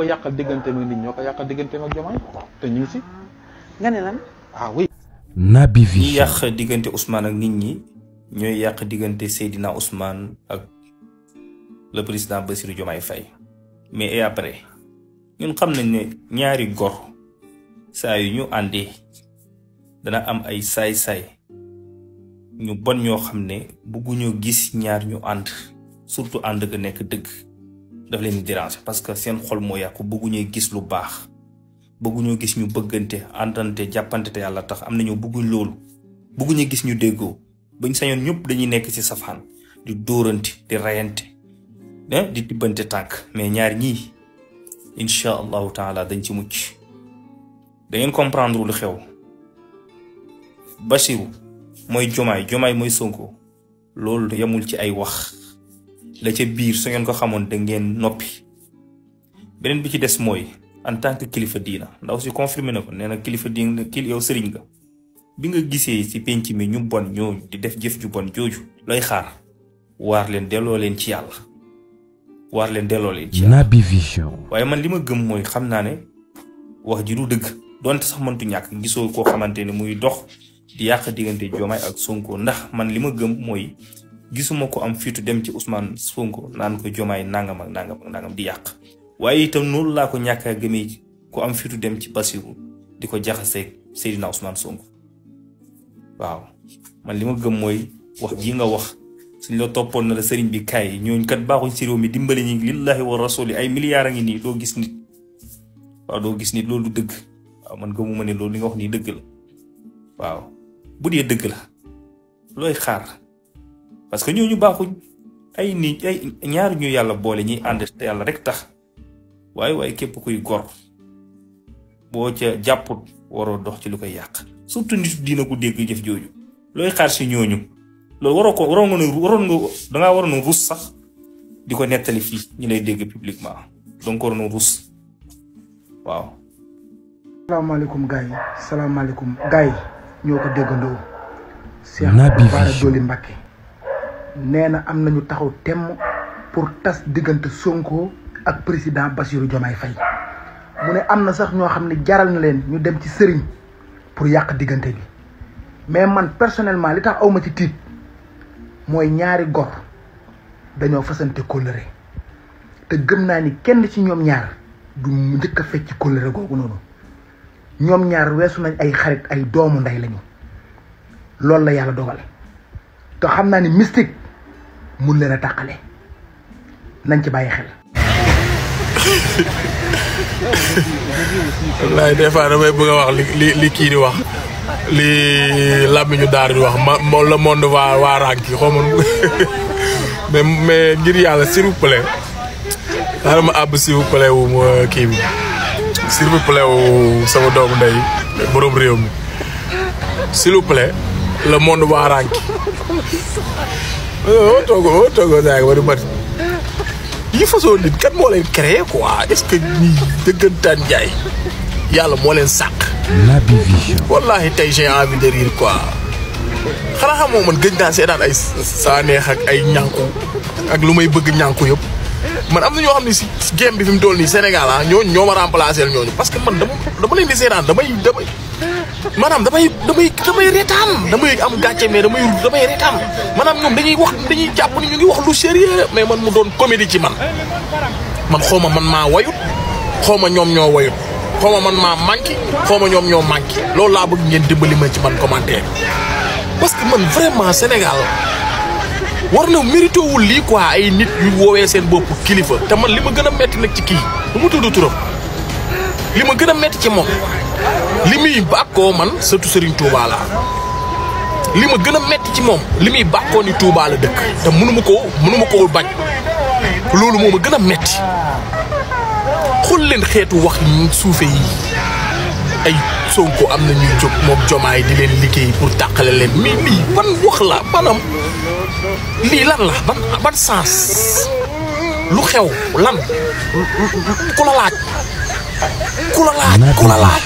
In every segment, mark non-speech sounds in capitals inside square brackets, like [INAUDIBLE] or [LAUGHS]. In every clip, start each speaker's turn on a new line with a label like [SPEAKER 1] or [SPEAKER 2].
[SPEAKER 1] ko yakal diggante ak nit ñoo ko yakal diggante ak jamaay te ñu ci
[SPEAKER 2] nga ne lan ah oui.
[SPEAKER 3] Nabi Vision yak yàq Ousmane ak nit ñi ñoy yak diggante sayidina Ousmane ak le président Bassirou jomay fay mais et après ñun xam nañ né ñaari gor sa yu ñu andé dana am ay say say. ñu bon ñoo xamné ne bëgguñoo gis ñaar ñu and. surtout ande ga nek deug daf leen déranger parce que seen xol moo yàqu bëgguñoo gis lu baax bëgguñoo gis ñu bëggante àndante jàppante te yàlla tax am na ñoo bëgguñ loolu bëgguñu gis ñu déggoo bañ sañoon ñëpp dañuy nekk ci safaan di dóorante di rayante eh, di tibbante tànk mais ñaar ñii incha allahu taala dañ ci mucc da ngeen comprendre lu xew Bassirou mooy Jomaay Jomaay mooy Sonko loolu yemul ci ay wax. la ca biir su ngeen ko xamoon da ngeen noppi beneen bi ci des mooy en tant que kilifa diina ndaxu si confirmé na ko nee na kilifa diina kil yow sëriñ nga bi nga gisee si penc mi ñu bon ñooñu di def jëf ju bon jooju looy xaar waar leen delloo leen ci yàlla waar leen leen ci yàlla Naby waaye man li ma gëm mooy xam naa ne wax ji du dëgg donte sax mantu ñàkk gisoo koo xamante ne muy dox di yàq diggante Diomaye ak Sonko ndax man li ma gëm mooy gisuma ko am fiitu dem ci Ousmane Sonko naan ko jomaay nangam ak nangam di yàq waaye itam noonu laa ko ñàkka a gëmee ku am fiitu dem ci Bassirou di ko jaxasee Seydina Ousmane Sonko waaw man li ma gëm mooy wax ji nga wax suñ la toppoon na la sëriñ bi kaay ñooñ kat baaxuñ si réew mi dimbali ñi lillahi wa rasuli ay milliards a ngi nii doo gis nit waaw doo gis nit loolu dëgg waaw man gëmuma ne loolu li nga wax nii dëgg la waaw bu dee dëgg la parce que ñooñu baaxuñ ay ni ay ñaar ñu yàlla boole ñi ànd te yàlla rek tax waaye waaye képp kuy gor boo ca jàpput waroo dox ci lu koy yàq surtout nit dina ko dégg jëf jooju looy xaar si ñooñu loolu waroo ko waroon nga ne waroon nga da dangaa waroon a rus sax di ko nettali fii ñu lay dégg publiquement donc waroon a rus waaw.
[SPEAKER 1] salaamaaleykum gars yi salaamaaleykum gars yi ñoo ko déggandoo. Nabi Vision nee na am nañu taxaw temm pour tas diggante Sonko ak président Bassirou ay Faye mu ne am na sax ñoo xam ne jaral na leen ñu dem ci sëriñ pour yàq diggante bi mais man personnellement li tax awma ci tiit mooy ñaari gor dañoo fasante kóllëre te gën naa ni kenn ci ñoom ñaar du mu njëkk a fecc kóllëre googu noonu ñoom ñaar weesu nañ ay xarit ay doomu ndey lañu loolu la yàlla dogal te xam naa ni mystique mun leen a tàqale nañ ci bàyyi xel. wallaay des fois damay bëgg a wax li li kii di wax li làmmiñu daar di wax ma le monde va rànki xaw ma [LAUGHS] ngir yàlla s'il vous plaît xaaral ma àbb s'il vous plaît wu ma kii bi s'il vous sama doomu ndey borom réew mi s'il vous plaît monde va rànki Euh, oo oh, toogoo oh, oo toogoo saa ba du mat yi façon nit kan moo leen créé quoi est-ce que ñii dëggantaan njaay yàlla moo leen sàq.
[SPEAKER 2] Naby Vision.
[SPEAKER 1] wallaahi tey j'ai envie de rire quoi xanaa xam man gëj naa seetaan ay saaneex ak ay ñànku ak lu may bëgg ñànku yëp man am na ñoo xam ne si game bi fi mu toll nii Sénégal ah ñooñu ñoo ma remplacé ñooñu parce que man dama dama leen di seetaan damay damay. maanaam damay damay damay reetaan damay am gàcce mais damay damay reetaan maanaam ñoom dañuy wax dañuy jàpp ni ñu ngi wax lu sérieux mais man mu doon comédie ci man man xaw ma man maa wayut xaw ma ñoom ñoo wayut xaw man maa manqué xaw ma ñoom ñoo manqué loolu laa bëgg ngeen dimbali ma ci man commentaire parce que man vraiment Sénégal war na mérité wul lii quoi ay nit yu woowee seen bopp kilifa te man li ma gën a metti nag ci kii lu mu tudd trop li ma gën a metti ci moom li muy bàkkoo man sëtu Serigne Touba li ma gën a metti ci moom li muy bàkkoo ni dëkk te mënuma ma koo mënu ma koo bañ loolu moo ma gën a metti xool leen xeetu wax suufe yi ay Sonko am na ñuy jóg moom jomaay di leen liggéey pour tàqale leen mais lii ban wax la maanaam lii lan la ban ban sens lu xew lan ku la laaj ku la laaj ku la laaj.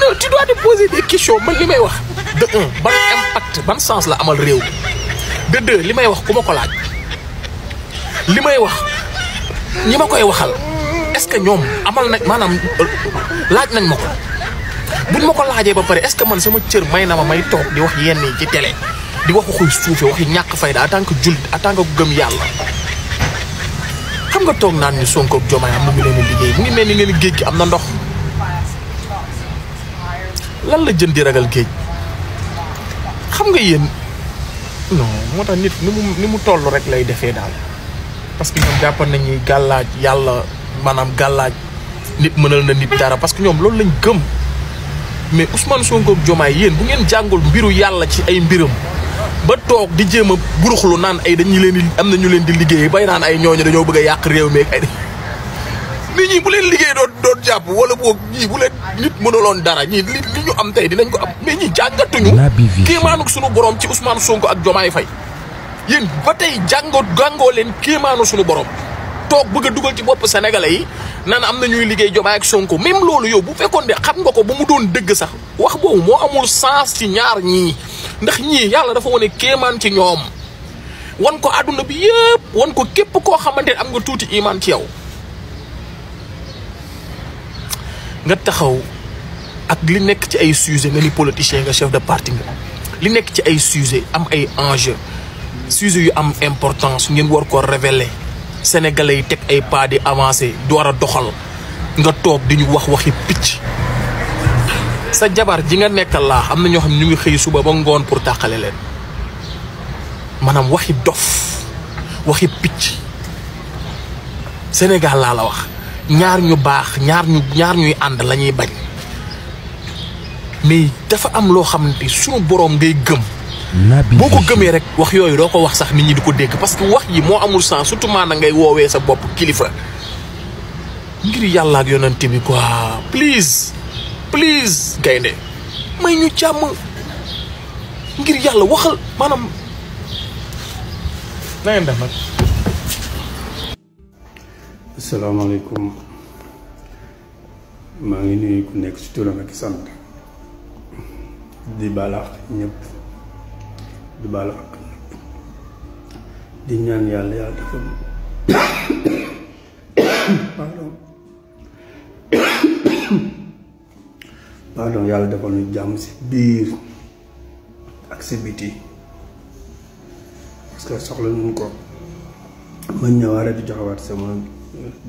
[SPEAKER 1] non tu dois te poser des questions li may wax. de un ban impact ban sens la amal réew de deux li may wax ku ma ko laaj li may wax ñi ma koy waxal est-ce que ñoom amal nag maanaam euh, laaj nañ ma ko buñ ma ko laajee ba pare est-ce que man sama cër may na ma may toog di wax yenn yi ci télé di wax waxuy suufe waxi ñàkk fayda en tant que jullit en tant que gëm yàlla nga tok nan ni Sonko djomay am ngi leni liggey liggéey mu ngi mel ngeen geejgi amna ndox lan la jeundi ragal geej xam nga yeen non moo nit ni mu ni mu tollu rek lay defé dal parce que ñoom jàpp nañu gàllaaj yalla manam gàllaaj nit meunal na nit dara parce que ñom loolu lañ gëm mais Ousmane Sonko ak Diomaye yéen bu ngeen jangul mbiru yalla ci ay mbirum ba toog di jéem a buruxlu naan ay dañu leen di am na ñu leen di liggéey bay naan ay ñooñu dañoo bëgg a yàq réew mi ak ay. nit ñi bu leen liggéey doon doon jàpp wala boog ñii bu leen nit mënaloon dara ñii li li ñu am tey dinañ ko am mais ñi jàngatuñu. kéemaanuk sunu borom ci Ousmane Sonko ak Diomaye fay yéen ba tey jàngoot gàngoo leen kéemaanu sunu borom. tok bëgg duggal ci bop sénégalais yi nan am na ñuy liggéey jom ak Sonko même lolu yow bu fekkone xam nga ko bu mu doon dëgg sax wax boobu mo amul sens ci ñaar ñi ndax ñi yalla dafa woné kéman ci ñom wan ko aduna bi yépp wan ko képp ko xamante am nga tuti iman ci yow nga taxaw ak li nekk ci ay sujet nga ni politicien nga chef de parti nga li nekk ci ay sujet am ay enjeu sujet yu am importance ngeen war ko révéler sénégalais yi teg ay pa di avancer di war doxal nga tok di ñu wax waxi pitch sa jabar ji nga nekkal la amna ñoo xam ñu ngi xey suba ba ngoon pour takalé len manam waxi dof waxi pitch sénégal la la wax ñaar ñu bax ñaar ñu ñaar ñuy and lañuy bañ mais dafa am lo sunu borom ngay gëm boko gëmé rek wax do ko wax sax nit ñi diko dégg parce que wax yi mo amul sens surtout man ngay wowe sa bop kilifa ngir yalla ak yonenté bi quoi please please gaynde may ñu cham ngir yalla waxal manam nay ndam nak
[SPEAKER 2] assalamu alaykum ma ngi nuyu ku nek ci sante di balax ñepp di baalu ak di ñaan yàlla yàlla dafa pardon nu jàmm si biir ak si biti parce soxla nañu ko mën ñëwaat rek di sama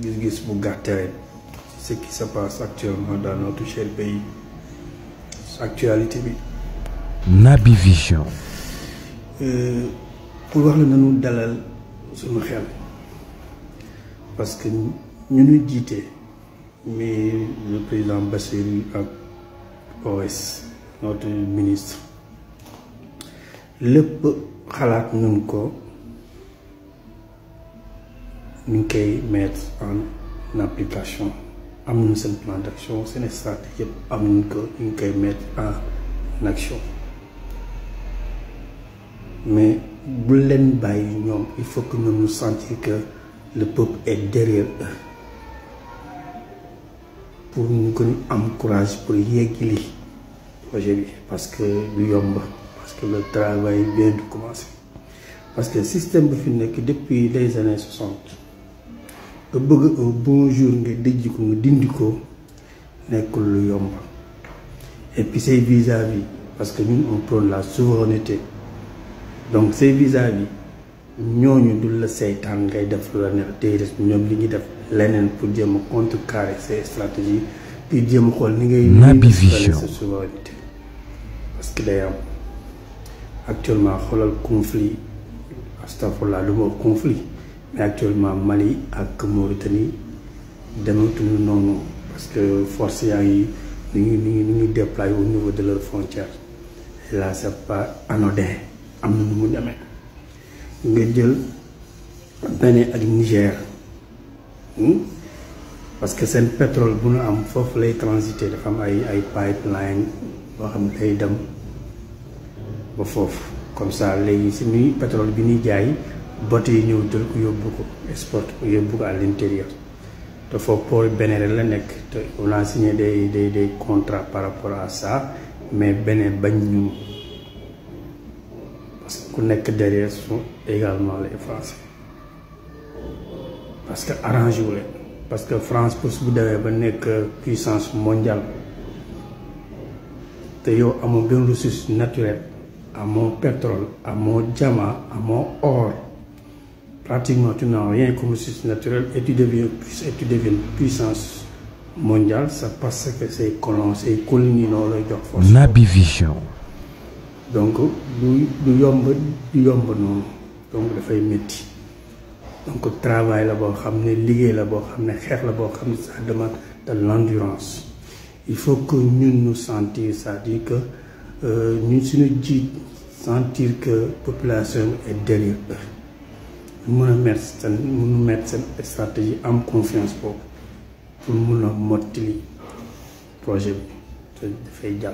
[SPEAKER 2] gis-gis bu gàtte rek ce qui se passe actuellement dans notre cher pays actualité bi Naby Vision Euh, pour voir le nous dalal sur nos chers parce que nous nous dites mais le président Bassir OS notre ministre le halat nous quoi nous qui mettre en application amener un plan d'action c'est une stratégie amener que nous qui mettre en action mais il faut que nous nous sentir que le peuple est derrière eux pour nous encourager courage pour y projet parce que parce que le travail vient de commencer parce que le système bi depuis les années 60, bonjour, bëgg un bon jour nga que et puis c'est vis-à-vis parce que nous, on la souveraineté donc c'est vis-à-vis nous dul nous seytaan ngay def fait la faire pour nous contrecarrer ces stratégies nous jéem ni ngay. nous parce que nous actuellement le conflit astafurlah lu conflit mais actuellement Mali et Mauritanie dematuñu non. parce que les nous nous ni au niveau de leur frontière là n'est pas anodin am na nu mu demee nga jël Bénin ak Niger hmm? parce que seen pétrole bu nu am foofu lay transiter dafa am ay ay pipeline boo xam day dem ba foofu comme ça léegi si nuy pétrole bi ñuy jaay bot yi ñëw jël ko yóbbu ko export ko yóbbu ko à l'intérieur te foofu pôle Bénin rek la nekk te on a signé des des des contrats par rapport à ça mais Bénin bañ ñu est que derrière sont également les Français parce que arrangez parce que France pour ce demee est que puissance mondiale te as un bien ressource à un pétrole un diamant un or pratiquement tu n'as rien comme ressource naturel et tu deviens et tu deviens puissance mondiale c'est parce que c'est colons ces colonies noonu force donc du du yomb du yomb non, donc fay metti donc travail la bo xamné liguey la bo xamné ne la bo xamné ça demande de l'endurance il faut que nous nous sentir c'est-à-dire que euh, nous nous jiit sentir que population est derrière eux nous mettons, mettre nous mettre cette stratégie en confiance pour pour nous a projet de faire dafay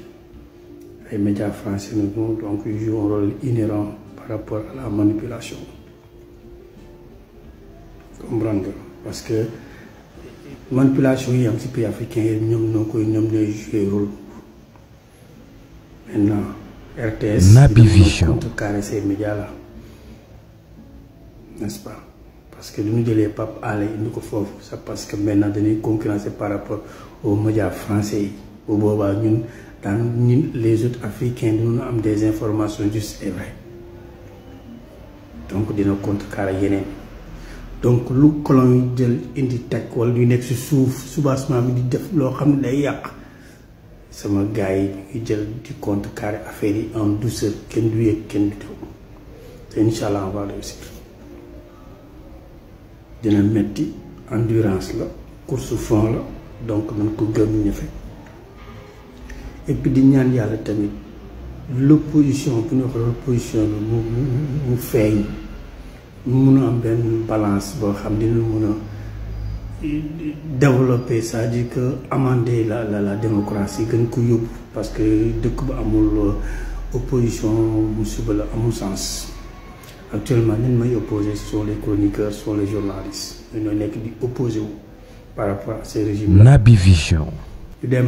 [SPEAKER 2] les médias français donc, jouent un rôle inhérent par rapport à la manipulation. Comprendre Parce que manipulation, est un petit pays africain, ils ont un rôle. Maintenant, RTS, Nabi Vision. caresser les médias-là. N'est-ce pas Parce que nous, les papes, allez, nous, ça parce que maintenant, nous concurrence par rapport aux médias français. Au les autres Africains, nous avons des informations juste et vraies. donc dina comptes yeneen donc lu colon indi des di def day sama gars car affaire en douceur kenn du yëg on va réussir dina metti endurance la course fond donc nañ ko le faire et puis di ñaan yàlla tamit l'opposition bu ñu wax l'opposition bi mu mu mu feeñ a am balance bo xam ne dina développer ça à dire que amender la la la démocratie gën ko yob parce que dëkk bu amul opposition musiba la amul sens actuellement ñun may opposé ce sont les chroniqueurs ce sont les journalistes ñu nekk di opposer par rapport à ces régimes là Naby Vision. dem.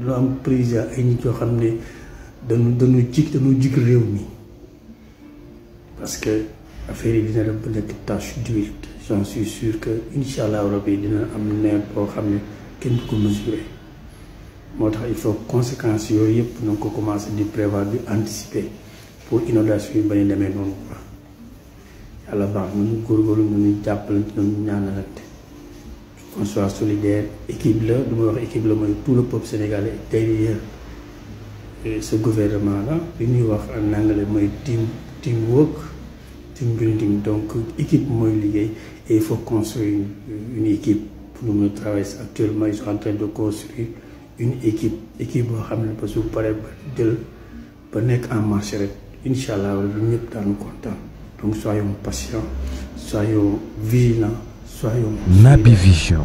[SPEAKER 2] dina am président ay nit yoo xam ne dañu dañu jig dañu jig réew mi parce que affaire yi dina dem ba nekk tâche d'huile j'en suis sûr que incha allah rabbi dina am ne boo xam ne kenn du ko mesurer moo tax il faut conséquences yooyu yëpp na ko commencé di prévoir di anticiper pour inondation yi bañ a demee noonu quoi yàlla baax na ñu góorgóorlu ñu jàppale ñu ñaanalante. On soit solidaire équipe nous avons ma tout le peuple sénégalais derrière euh, ce gouvernement là nous avons en anglais team teamwork team building donc équipe mooy liggéey et il faut construire une, équipe pour nous travailler actuellement ils sont en train de construire une équipe équipe qui xam ne parce que vous en train Inch'Allah, nous sommes donc soyons patients soyons vigilants Naby Vision